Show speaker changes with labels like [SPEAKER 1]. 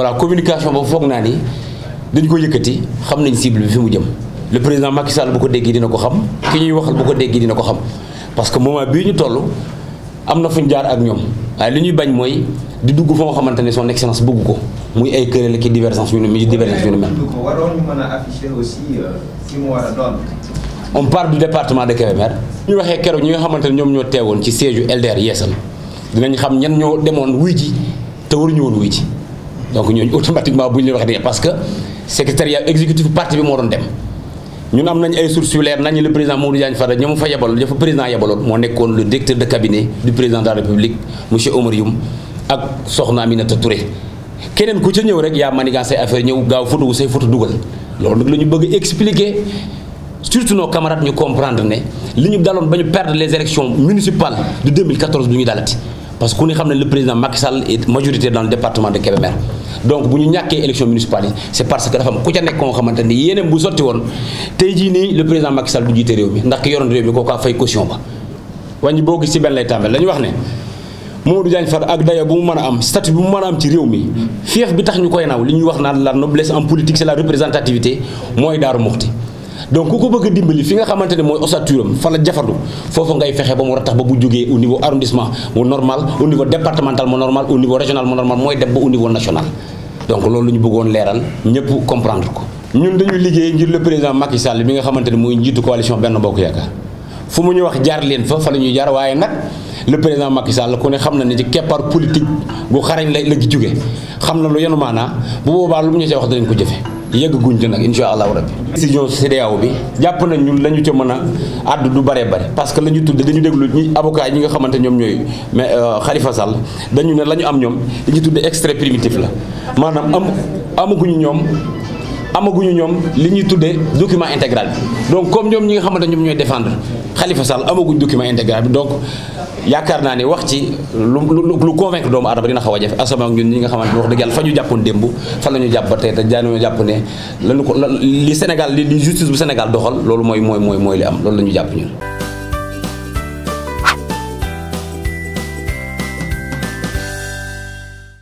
[SPEAKER 1] voilà communication boobu foog naa ni dañ ko yëkkati xam nañ cible bi fi mu jëm le président Macky Sall bu ko déggee dina ko xam ki ñuy waxal bu ko déggee dina ko xam parce que moment bii ñu toll am na fuñ jaar ak ñoom waaye li ñuy bañ mooy di dugg foo xamante ne son excellence bëgg ko muy ay këréel ki divergence yu ne mi divergence yu ne mel on parle du département de Kébémer ñu waxee keroog ñi nga xamante ne ñoom ñoo teewoon ci siège u LDR Yeesal dinañ xam ñan ñoo demoon wuy ji te waruñu woon wuy ji donc ñooñu automatiquement bu ñu leen waxee dañuy parce que secrétariat exécutif parti bi moo doon dem ñun am nañu ay sources yu leer nañu le président Mamadou Diagne Fada ñoo mu fa yebaloon dafa président yebaloon moo nekkoon le directeur de cabinet du président de la république monsieur Omar ak soxna Aminata Touré keneen ku ca ñëw rek yaa manigan say affaire ñëw gaaw photo wu say photo dugal loolu nag la ñu bëgg expliquer surtout no camarades ñu comprendre ne li ñu daloon ba ñu perdre les élections municipales de 2014 du ñu parce que ku ne xam ne le président Macky Sall dans le département de Kébémer donc bu ñu ñàkkee élection municipale yi c' parce que dafa am ku ca nekk koo xamante ni yéeneen bu sotti woon tey jii nii le président Macky Sall du jiite réew mi ndax ki yoroon réew mi kooku a fay caution ba wàññi boo gis ci benn lay tàmbale dañu wax ne Mamadou Diagne Fada ak dayo bu mu mën a am statut bu mu mën a am ci réew mi fief bi tax ñu koy naw li ñuy wax naan la noblesse en politique c' est la représentativité mooy donc ku ko bëgg dimbali fi nga xamante ne mooy ossature am fa la jafandu foofu ngay fexe ba mu war ba bu jógee au niveau arrondissement mu normal au niveau départemental mu normal au niveau régional mu normal mooy dem ba au niveau national donc loolu ñu bëggoon leeral ñëpp comprendre ko. ñun dañuy liggéey ngir le président Macky Sall bi nga xamante ne mooy njiitu coalition benn bokk yaakaar fu mu ñu wax jaar leen fa fa la ñuy jaar waaye nag le président Macky Sall ku ne xam na ne ci keppaar politique bu xarañ la la jóge xam na lu yenu maanaa bu boobaa lu mu ñu see wax danañ ko jëfe yëgg guñ ci nag incha allahu rabbi décision CEDEAO bi jàpp nañ ñun la ñu ca mën a àddu du bare bare parce que la ñu tudde dañu déglu ñi avocat ñi nga xamante ñoom ñooy mais euh, Khalifa Sall dañu ne la ñu am ñoom li ñu tudde extrait primitif la maanaam am amaguñu ñoom amaguñu ñoom li ñuy tuddee document intégral bi donc comme ñoom ñi nga xamante ñoom ñooy défendre xalifa saal amaguñ document intégral bi donc yaakaar naa ne wax ci lu lu convaincre doomu aadama dina xaw a jafe asamaa ak ñun ñi nga xamante wax dëgg yàlla fa ñu jàppoon démb fan la ñu jàpp ba tey te jaanuñu jàpp ne lañu ko li Sénégal li justice bu Sénégal doxal loolu mooy mooy mooy mooy li am loolu la ñu jàpp ñun